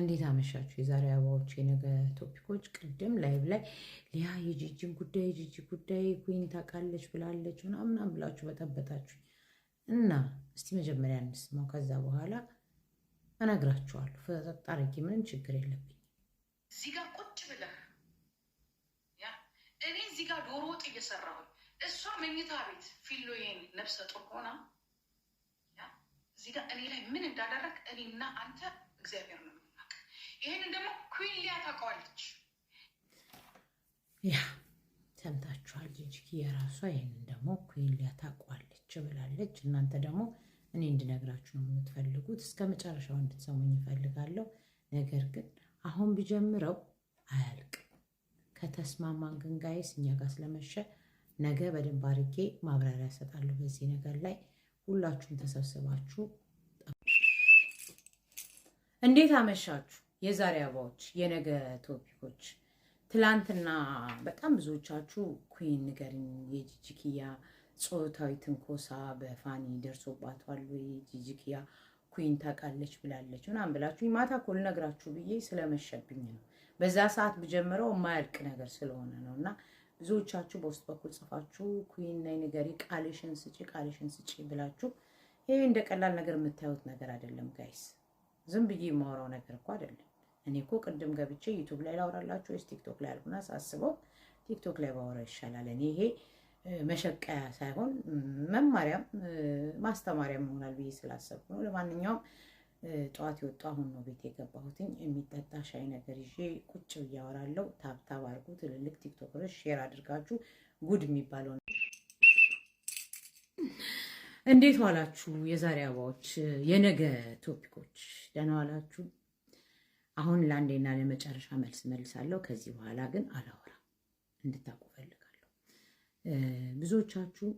እንዴት አመሻችሁ? የዛሬ አበባዎች የነገ ቶፒኮች ቅድም ላይቭ ላይ ሊያ የጂጂን ጉዳይ የጂጂ ጉዳይ ኩን ታውቃለች ብላለች ምናምን ብላችሁ በጠበጣችሁ እና እስቲ መጀመሪያ እንስማው፣ ከዛ በኋላ እነግራችኋለሁ። ፍጠጥ አድርጌ ምንም ችግር የለብኝም። እዚህ ጋር ቁጭ ብለህ እኔ እዚህ ጋር ዶሮ ወጥ እየሰራሁ እሷ መኝታ ቤት ፊሎዬን ነፍሰ ጡር ሆና እዚህ ጋር እኔ ላይ ምን እንዳደረግ እኔና አንተ እግዚአብሔር ነው ይህንን ደግሞ ኩን ሊያ ታውቀዋለች። ያ ሰምታችኋል። ጂጂኪ የራሷ ይህንን ደግሞ ኩን ሊያ ታውቀዋለች ብላለች። እናንተ ደግሞ እኔ እንድነግራችሁ ነው የምትፈልጉት። እስከ መጨረሻው እንድትሰሙኝ እፈልጋለሁ። ነገር ግን አሁን ብጀምረው አያልቅም። ከተስማማን ግን ጋይስ እኛ ጋር ስለመሸ ነገ በደንብ አድርጌ ማብራሪያ እሰጣለሁ በዚህ ነገር ላይ ሁላችሁም ተሰብስባችሁ እንዴት አመሻችሁ? የዛሬ አበባዎች፣ የነገ ቶፒኮች። ትላንትና በጣም ብዙዎቻችሁ ኩን ንገሪኝ፣ የጂጂኪያ ጾታዊ ትንኮሳ በፋኒ ደርሶባታል ወይ ጂጂኪያ ኩን ታውቃለች ብላለች ምናምን ብላችሁ ማታ እኮ ልነግራችሁ ብዬ ስለመሸብኝ ነው። በዛ ሰዓት ብጀምረው የማያልቅ ነገር ስለሆነ ነው እና ብዙዎቻችሁ በውስጥ በኩል ጽፋችሁ ኩን ናይ ንገሪ፣ ቃልሽን ስጪ፣ ቃልሽን ስጪ ብላችሁ ይህ እንደ ቀላል ነገር የምታዩት ነገር አይደለም ጋይስ። ዝም ብዬ የማወራው ነገር እኮ አይደለም። እኔ እኮ ቅድም ገብቼ ዩቱብ ላይ ላውራላችሁ ወይስ ቲክቶክ ላይ አልኩና ሳስበው ቲክቶክ ላይ ባወራ ይሻላል። እኔ ይሄ መሸቀያ ሳይሆን መማሪያም ማስተማሪያም ይሆናል ብዬ ስላሰብኩ ነው። ለማንኛውም ጠዋት የወጣ አሁን ነው ቤት የገባሁትኝ። የሚጠጣ ሻይ ነገር ይዤ ቁጭ ብያወራለሁ። ታብታብ አድርጉ። ትልልቅ ቲክቶከሮች ሼር አድርጋችሁ ጉድ የሚባለው እንዴት ዋላችሁ? የዛሬ አበባዎች የነገ ቶፒኮች ደህና ዋላችሁ? አሁን ለአንዴና ለመጨረሻ መልስ መልሳለሁ። ከዚህ በኋላ ግን አላወራም እንድታውቁ ፈልጋለሁ። ብዙዎቻችሁ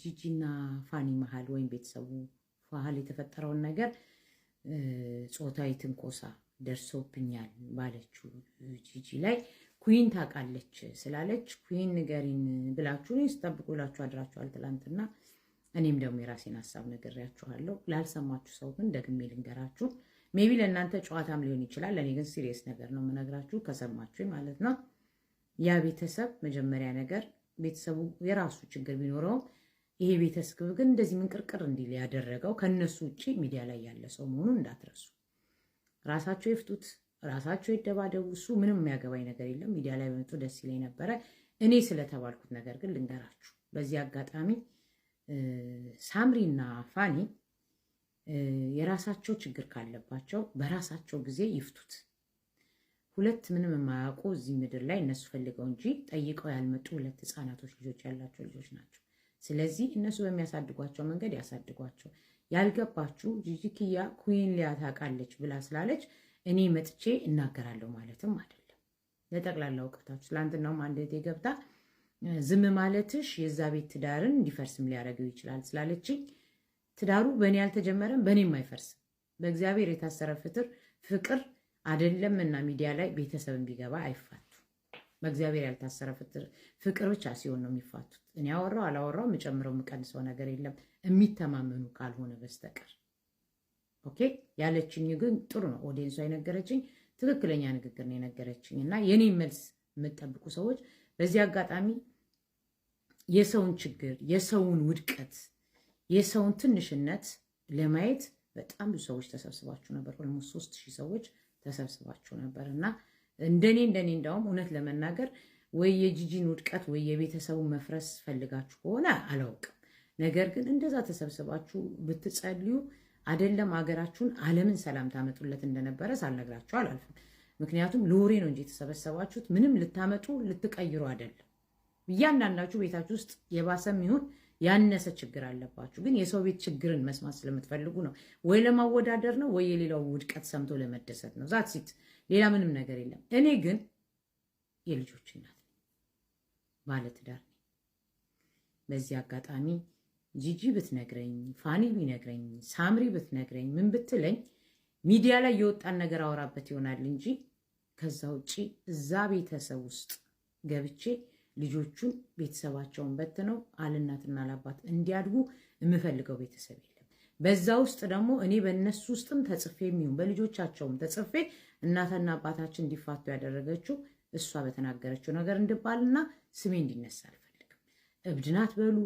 ጂጂና ፋኒ መሀል ወይም ቤተሰቡ መሀል የተፈጠረውን ነገር ጾታዊ ትንኮሳ ደርሶብኛል ባለችው ጂጂ ላይ ኩን ታውቃለች ስላለች ኩን ንገሪን ብላችሁ ስጠብቁላችሁ አድራችኋል ትላንትና እኔም ደግሞ የራሴን ሀሳብ ነግሬያችኋለሁ። ላልሰማችሁ ሰው ግን ደግሜ ልንገራችሁ። ሜቢ ለእናንተ ጨዋታም ሊሆን ይችላል። ለእኔ ግን ሲሪየስ ነገር ነው የምነግራችሁ ከሰማችሁ ማለት ነው። ያ ቤተሰብ መጀመሪያ ነገር ቤተሰቡ የራሱ ችግር ቢኖረውም ይሄ ቤተሰብ ግን እንደዚህ ምንቅርቅር እንዲል ያደረገው ከእነሱ ውጭ ሚዲያ ላይ ያለ ሰው መሆኑን እንዳትረሱ። ራሳቸው የፍቱት ራሳቸው የደባደቡ። እሱ ምንም የሚያገባኝ ነገር የለም። ሚዲያ ላይ በመጡ ደስ ይለኝ ነበረ። እኔ ስለተባልኩት ነገር ግን ልንገራችሁ በዚህ አጋጣሚ ሳምሪ እና ፋኒ የራሳቸው ችግር ካለባቸው በራሳቸው ጊዜ ይፍቱት። ሁለት ምንም የማያውቁ እዚህ ምድር ላይ እነሱ ፈልገው እንጂ ጠይቀው ያልመጡ ሁለት ህፃናቶች ልጆች ያላቸው ልጆች ናቸው። ስለዚህ እነሱ በሚያሳድጓቸው መንገድ ያሳድጓቸው። ያልገባችሁ ጂጂኪያ ኩን ሊያ ታውቃለች ብላ ስላለች እኔ መጥቼ እናገራለሁ ማለትም አይደለም። ለጠቅላላ እውቀታችሁ ትላንትናውም አንድ ገብታ ዝም ማለትሽ የዛ ቤት ትዳርን እንዲፈርስም ሊያደርገው ይችላል ስላለችኝ ትዳሩ በእኔ አልተጀመረም፣ በእኔም አይፈርስም። በእግዚአብሔር የታሰረ ፍትር ፍቅር አይደለም እና ሚዲያ ላይ ቤተሰብን ቢገባ አይፋቱ። በእግዚአብሔር ያልታሰረ ፍቅር ብቻ ሲሆን ነው የሚፋቱት። እኔ አወራው አላወራው የምጨምረው የምቀንሰው ነገር የለም የሚተማመኑ ካልሆነ በስተቀር ኦኬ። ያለችኝ ግን ጥሩ ነው። ኦዲየንሷ የነገረችኝ ትክክለኛ ንግግር ነው የነገረችኝ እና የኔ መልስ የምጠብቁ ሰዎች በዚህ አጋጣሚ የሰውን ችግር፣ የሰውን ውድቀት፣ የሰውን ትንሽነት ለማየት በጣም ብዙ ሰዎች ተሰብስባችሁ ነበር። ኦልሞስት ሶስት ሺህ ሰዎች ተሰብስባችሁ ነበር እና እንደኔ እንደኔ እንደውም እውነት ለመናገር ወይ የጂጂን ውድቀት ወይ የቤተሰቡን መፍረስ ፈልጋችሁ ከሆነ አላውቅም። ነገር ግን እንደዛ ተሰብስባችሁ ብትጸልዩ አይደለም ሀገራችሁን ዓለምን ሰላም ታመጡለት እንደነበረ ሳልነግራችሁ አላልፍም። ምክንያቱም ለወሬ ነው እንጂ የተሰበሰባችሁት ምንም ልታመጡ ልትቀይሩ አይደለም። እያንዳንዳችሁ ቤታችሁ ውስጥ የባሰም ይሁን ያነሰ ችግር አለባችሁ። ግን የሰው ቤት ችግርን መስማት ስለምትፈልጉ ነው። ወይ ለማወዳደር ነው፣ ወይ የሌላው ውድቀት ሰምቶ ለመደሰት ነው። ዛት ሲት ሌላ ምንም ነገር የለም። እኔ ግን የልጆች እናት ባለትዳር ነኝ። በዚህ አጋጣሚ ጂጂ ብትነግረኝ፣ ፋኒ ቢነግረኝ፣ ሳምሪ ብትነግረኝ፣ ምን ብትለኝ ሚዲያ ላይ የወጣን ነገር አወራበት ይሆናል እንጂ ከዛ ውጭ እዛ ቤተሰብ ውስጥ ገብቼ ልጆቹን ቤተሰባቸውን በትነው አልናትና ላባት እንዲያድጉ የምፈልገው ቤተሰብ የለም። በዛ ውስጥ ደግሞ እኔ በእነሱ ውስጥም ተጽፌ የሚሆን በልጆቻቸውም ተጽፌ እናትና አባታችን እንዲፋቱ ያደረገችው እሷ በተናገረችው ነገር እንድባልና ስሜ እንዲነሳ አልፈልግም። እብድናት በሉ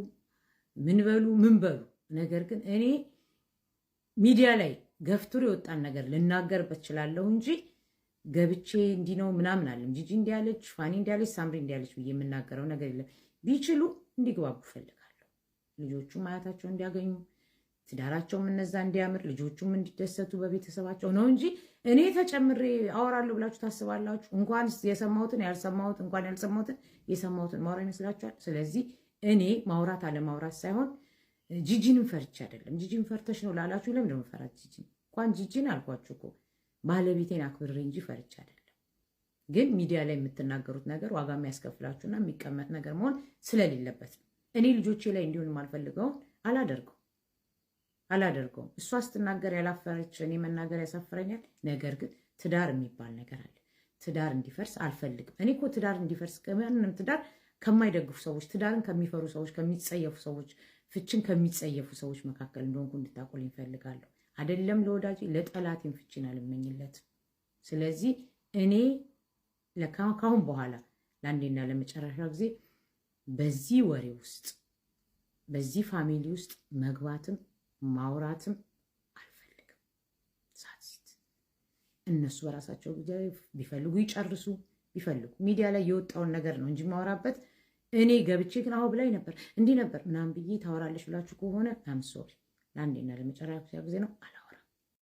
ምን በሉ ምን በሉ ነገር ግን እኔ ሚዲያ ላይ ገፍቱር የወጣን ነገር ልናገርበት እችላለሁ እንጂ ገብቼ እንዲህ ነው ምናምን አለም ጂጂ እንዲያለች ፋኒ እንዲያለች ሳምሪ እንዲያለች ብዬ የምናገረው ነገር የለም። ቢችሉ እንዲግባቡ ፈልጋለሁ ልጆቹም አያታቸው እንዲያገኙ፣ ትዳራቸውም እነዛ እንዲያምር፣ ልጆቹም እንዲደሰቱ በቤተሰባቸው ነው እንጂ እኔ ተጨምሬ አወራለሁ ብላችሁ ታስባላችሁ? እንኳን የሰማሁትን ያልሰማሁት እንኳን ያልሰማሁትን የሰማሁትን ማውራ ይመስላችኋል? ስለዚህ እኔ ማውራት አለማውራት ሳይሆን ጂጂንም ፈርቼ አይደለም። ጂጂን ፈርተሽ ነው ላላችሁ፣ ለምንድን ነው የምፈራት ጂጂን? እንኳን ጂጂን አልኳችሁ እኮ ባለቤቴን አክብሬ እንጂ ፈርቼ አይደለም። ግን ሚዲያ ላይ የምትናገሩት ነገር ዋጋ የሚያስከፍላችሁና የሚቀመጥ ነገር መሆን ስለሌለበት ነው። እኔ ልጆቼ ላይ እንዲሆን የማልፈልገውን አላደርገው አላደርገውም። እሷ ስትናገር ያላፈረች እኔ መናገር ያሳፍረኛል። ነገር ግን ትዳር የሚባል ነገር አለ። ትዳር እንዲፈርስ አልፈልግም። እኔ እኮ ትዳር እንዲፈርስ ከምንም ትዳር ከማይደግፉ ሰዎች፣ ትዳርን ከሚፈሩ ሰዎች፣ ከሚጸየፉ ሰዎች ፍችን ከሚጸየፉ ሰዎች መካከል እንደሆንኩ እንድታቆል እፈልጋለሁ። አደለም ለወዳጅ ለጠላቴም ፍችን አልመኝለትም። ስለዚህ እኔ ካሁን በኋላ ለአንዴና ለመጨረሻ ጊዜ በዚህ ወሬ ውስጥ በዚህ ፋሚሊ ውስጥ መግባትም ማውራትም አልፈልግም። ሳትሲት እነሱ በራሳቸው ጊዜ ቢፈልጉ ይጨርሱ። ቢፈልጉ ሚዲያ ላይ የወጣውን ነገር ነው እንጂ ማውራበት እኔ ገብቼ ግን አሁን ብላኝ ነበር እንዲህ ነበር ምናምን ብዬ ታወራለች ብላችሁ ከሆነ አምሶሪ ለአንዴና ለመጨረሻ ጊዜ ነው አላ